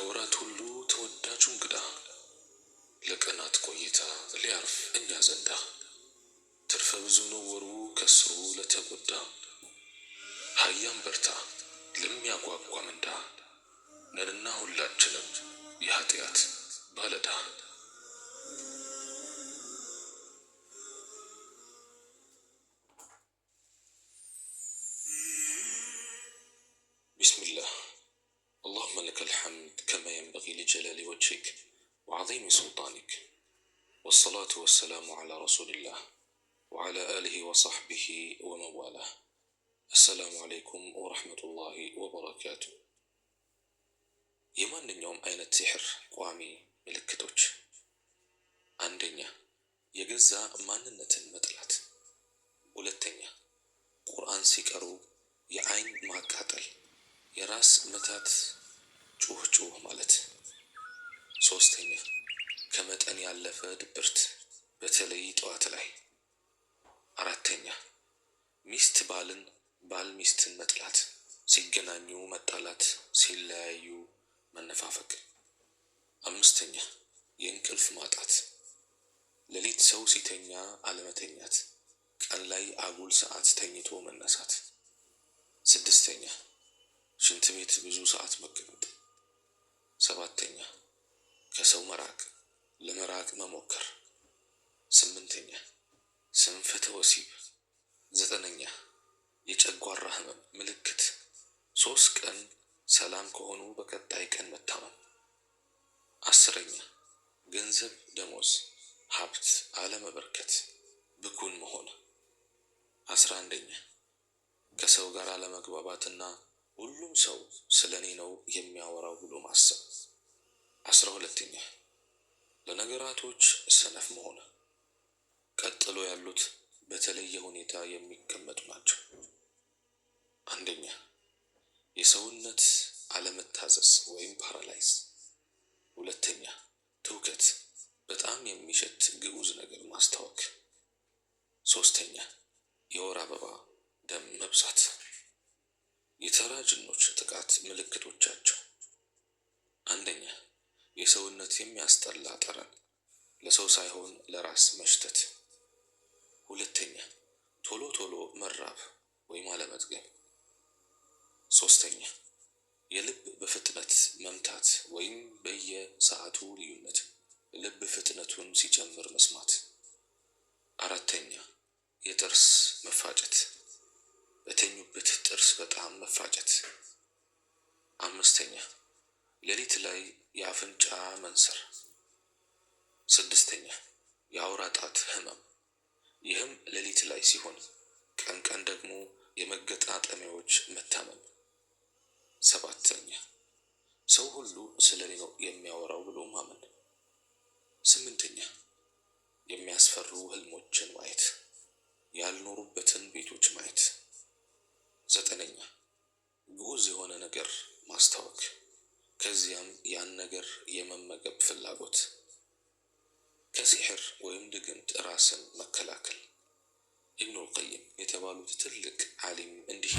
ከወራት ሁሉ ተወዳጁ እንግዳ ለቀናት ቆይታ ሊያርፍ እኛ ዘንዳ ትርፈ ብዙ ነው ወሩ ከስሩ ለተጎዳ ሀያም በርታ ለሚያጓጓ ምንዳ ነንና ሁላችንም የኃጢአት ባለዳ ينبغي لجلال وجهك وعظيم سلطانك والصلاة والسلام على رسول الله وعلى آله وصحبه ومن والاه السلام عليكم ورحمة الله وبركاته የማንኛውም አይነት ሲሕር ቋሚ يجزا አንደኛ የገዛ مدلات ولتنيا قرآن سيكارو يعين ما قاتل يراس متات ጩህ ጩህ ማለት። ሶስተኛ ከመጠን ያለፈ ድብርት በተለይ ጠዋት ላይ። አራተኛ ሚስት ባልን፣ ባል ሚስትን መጥላት፣ ሲገናኙ መጣላት፣ ሲለያዩ መነፋፈቅ። አምስተኛ የእንቅልፍ ማጣት፣ ሌሊት ሰው ሲተኛ አለመተኛት፣ ቀን ላይ አጉል ሰዓት ተኝቶ መነሳት። ስድስተኛ ሽንት ቤት ብዙ ሰዓት መቀመጥ መራቅ ለመራቅ መሞከር። ስምንተኛ ስንፈተ ወሲብ። ዘጠነኛ የጨጓራ ህመም ምልክት ሶስት ቀን ሰላም ከሆኑ በቀጣይ ቀን መታመም። አስረኛ ገንዘብ፣ ደሞዝ፣ ሀብት አለመበርከት፣ ብኩን መሆን። አስራ አንደኛ ከሰው ጋር አለመግባባትና ሁሉም ሰው ስለ እኔ ነው የሚያወራው ብሎ ማሰብ። አስራ ሁለተኛ ለነገራቶች ሰነፍ መሆን ቀጥሎ ያሉት በተለየ ሁኔታ የሚቀመጡ ናቸው። አንደኛ የሰውነት አለመታዘዝ ወይም ፓራላይዝ፣ ሁለተኛ ትውከት፣ በጣም የሚሸት ግዑዝ ነገር ማስታወክ፣ ሶስተኛ የወር አበባ ደም መብዛት የተራ ጅኖች ጥቃት ምልክቶቻቸው የሰውነት የሚያስጠላ ጠረን፣ ለሰው ሳይሆን ለራስ መሽተት። ሁለተኛ ቶሎ ቶሎ መራብ ወይም አለመጥገብ። ሶስተኛ የልብ በፍጥነት መምታት ወይም በየሰዓቱ ልዩነት ልብ ፍጥነቱን ሲጨምር መስማት። አራተኛ የጥርስ መፋጨት፣ በተኙበት ጥርስ በጣም መፋጨት። አምስተኛ ሌሊት ላይ የአፍንጫ መንሰር። ስድስተኛ የአውራ ጣት ህመም፣ ይህም ሌሊት ላይ ሲሆን ቀን ቀን ደግሞ የመገጣጠሚያዎች መታመም። ሰባተኛ ሰው ሁሉ ስለ እኔ ነው የሚያወራው ብሎ ማመን። ስምንተኛ የሚያስፈሩ ህልሞችን ማየት ያልኖሩበት ከሲሕር ወይም ድግምት ራስን መከላከል ኢብኑል ቀይም የተባሉት ትልቅ ዓሊም እንዲህ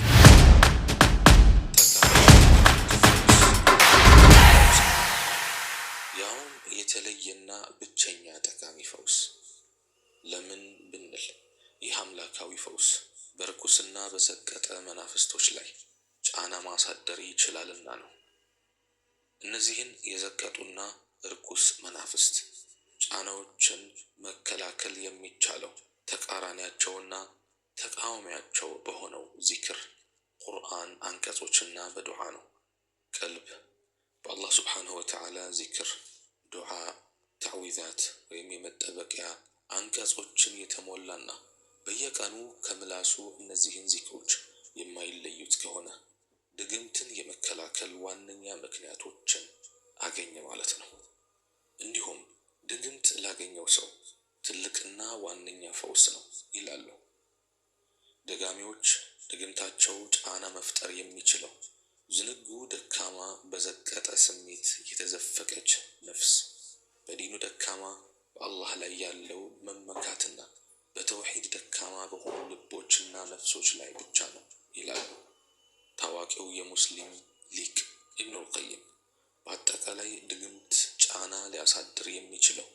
ያውም የተለየና ብቸኛ ጠቃሚ ፈውስ ለምን ብንል ይህ አምላካዊ ፈውስ በርኩስና በዘቀጠ መናፍስቶች ላይ ጫና ማሳደር ይችላልና ነው። እነዚህን የዘቀጡና እርኩስ መናፍስት ጫናዎችን መከላከል የሚቻለው ተቃራኒያቸውና ተቃዋሚያቸው በሆነው ዚክር ቁርአን አንቀጾችና በዱዓ ነው። ቀልብ በአላህ ስብሓንሁ ወተዓላ ዚክር፣ ዱዓ፣ ታዊዛት ወይም የመጠበቂያ አንቀጾችን የተሞላና በየቀኑ ከምላሱ እነዚህን ዚክሮች የማይለዩት ከሆነ ድግምትን የመከላከል ዋነኛ ምክንያቶችን አገኘ ማለት ነው። እንዲሁም ድግምት ላገኘው ሰው ትልቅና ዋነኛ ፈውስ ነው ይላሉ ደጋሚዎች። ድግምታቸው ጫና መፍጠር የሚችለው ዝንጉ፣ ደካማ፣ በዘቀጠ ስሜት የተዘፈቀች ነፍስ በዲኑ ደካማ፣ በአላህ ላይ ያለው መመካትና በተውሒድ ደካማ በሆኑ ልቦችና ነፍሶች ላይ ብቻ ነው ይላሉ ታዋቂው የሙስሊም ሊቅ ኢብኑል ቀይም። በአጠቃላይ ድግምት ጫና ሊያሳድር የሚችለው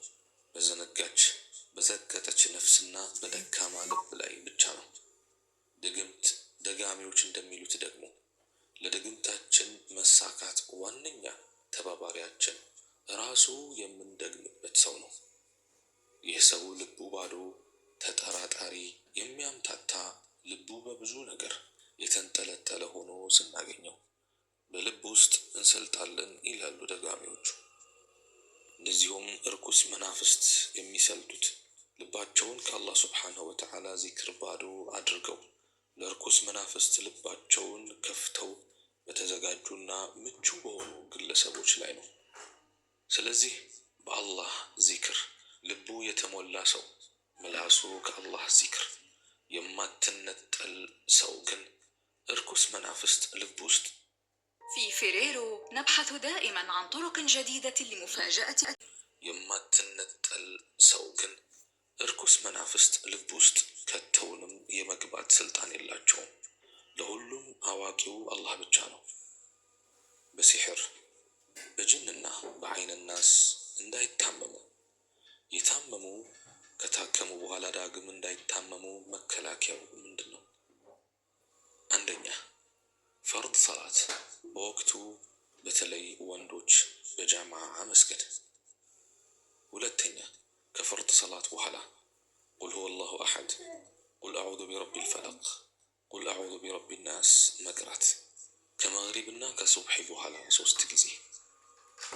በዘነጋች በዘቀጠች ነፍስና በደካማ ልብ ላይ ብቻ ነው። ድግምት ደጋሚዎች እንደሚሉት ደግሞ ለድግምታችን መሳካት ዋነኛ ተባባሪያችን ራሱ የምንደግምበት ሰው ነው። ይህ ሰው ልቡ ባዶ፣ ተጠራጣሪ፣ የሚያምታታ ልቡ በብዙ ነገር የተንጠለጠለ ሆኖ ስናገኘው በልብ ውስጥ እንሰልጣለን ይላሉ ደጋሚዎቹ። እንደዚሁም እርኩስ መናፍስት የሚሰልጡት ልባቸውን ከአላህ ስብሓንሁ ወተዓላ ዚክር ባዶ አድርገው ለእርኩስ መናፍስት ልባቸውን ከፍተው በተዘጋጁና ምቹ በሆኑ ግለሰቦች ላይ ነው። ስለዚህ በአላህ ዚክር ልቡ የተሞላ ሰው ምላሱ ከአላህ ዚክር የማትነጠል ሰው ግን እርኩስ መናፍስት ልብ ውስጥ في فيريرو نبحث دائما عن طرق جديدة لمفاجأة የማትነጠል ሰው ግን እርኩስ መናፍስት ልብ ውስጥ ከተውንም የመግባት ስልጣን የላቸውም። ለሁሉም አዋቂው አላህ ብቻ ነው። በሲሕር በጅንና በአይን ናስ እንዳይታመሙ የታመሙ ከታከሙ በኋላ ዳግም እንዳይታመሙ መከላከያው በጃማዓ መስገድ። ሁለተኛ ከፈርድ ሰላት በኋላ ቁል ሁወ አላሁ አሐድ፣ ቁል አዑዙ ቢረቢ ልፈለቅ፣ ቁል አዑዙ ቢረቢ ናስ መቅራት ከመግሪብና ከሱብሒ በኋላ ሶስት ጊዜ።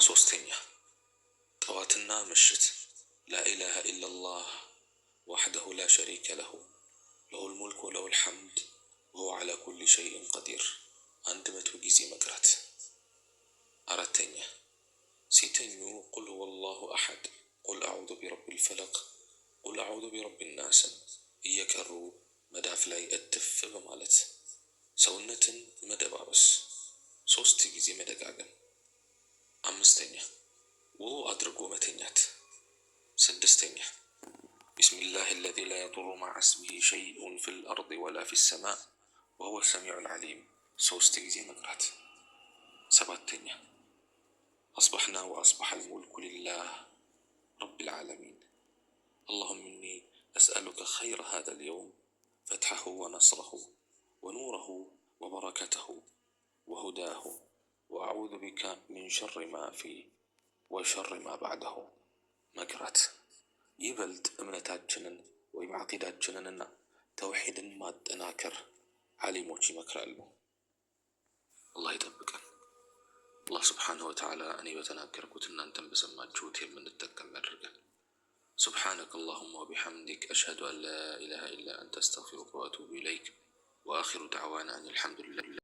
ሶስተኛ ጠዋትና ምሽት ላኢላሃ ኢላላህ ወሕደሁ ላ ሸሪከ ለሁ ለሁል ሙልክ ወለሁል ሐምድ ማለት ሰውነትን መደባበስ ሶስት ጊዜ መደጋገም አምስተኛ ው አድርጎ መተኛት ስድስተኛ بسم الله الذي لا يضر مع اسمه شيء في الأرض ولا في السماء وهو السميع العليم سوست جزي مقرات سباتنيا أصبحنا وأصبح الملك لله رب العالمين اللهم إني أسألك خير هذا اليوم فتحه ونصره ونوره وبركته وهداه وأعوذ بك من شر ما فيه وشر ما بعده مكرت يبلد أمنتاتنا ومعقيداتنا توحيدا ما تناكر علي موتي مكر الله يدبك الله سبحانه وتعالى أني بتناكر كتنا أن تنبس ما من التكة المرقة سبحانك اللهم وبحمدك أشهد أن لا إله إلا أنت أستغفرك وأتوب إليك وآخر دعوانا أن الحمد لله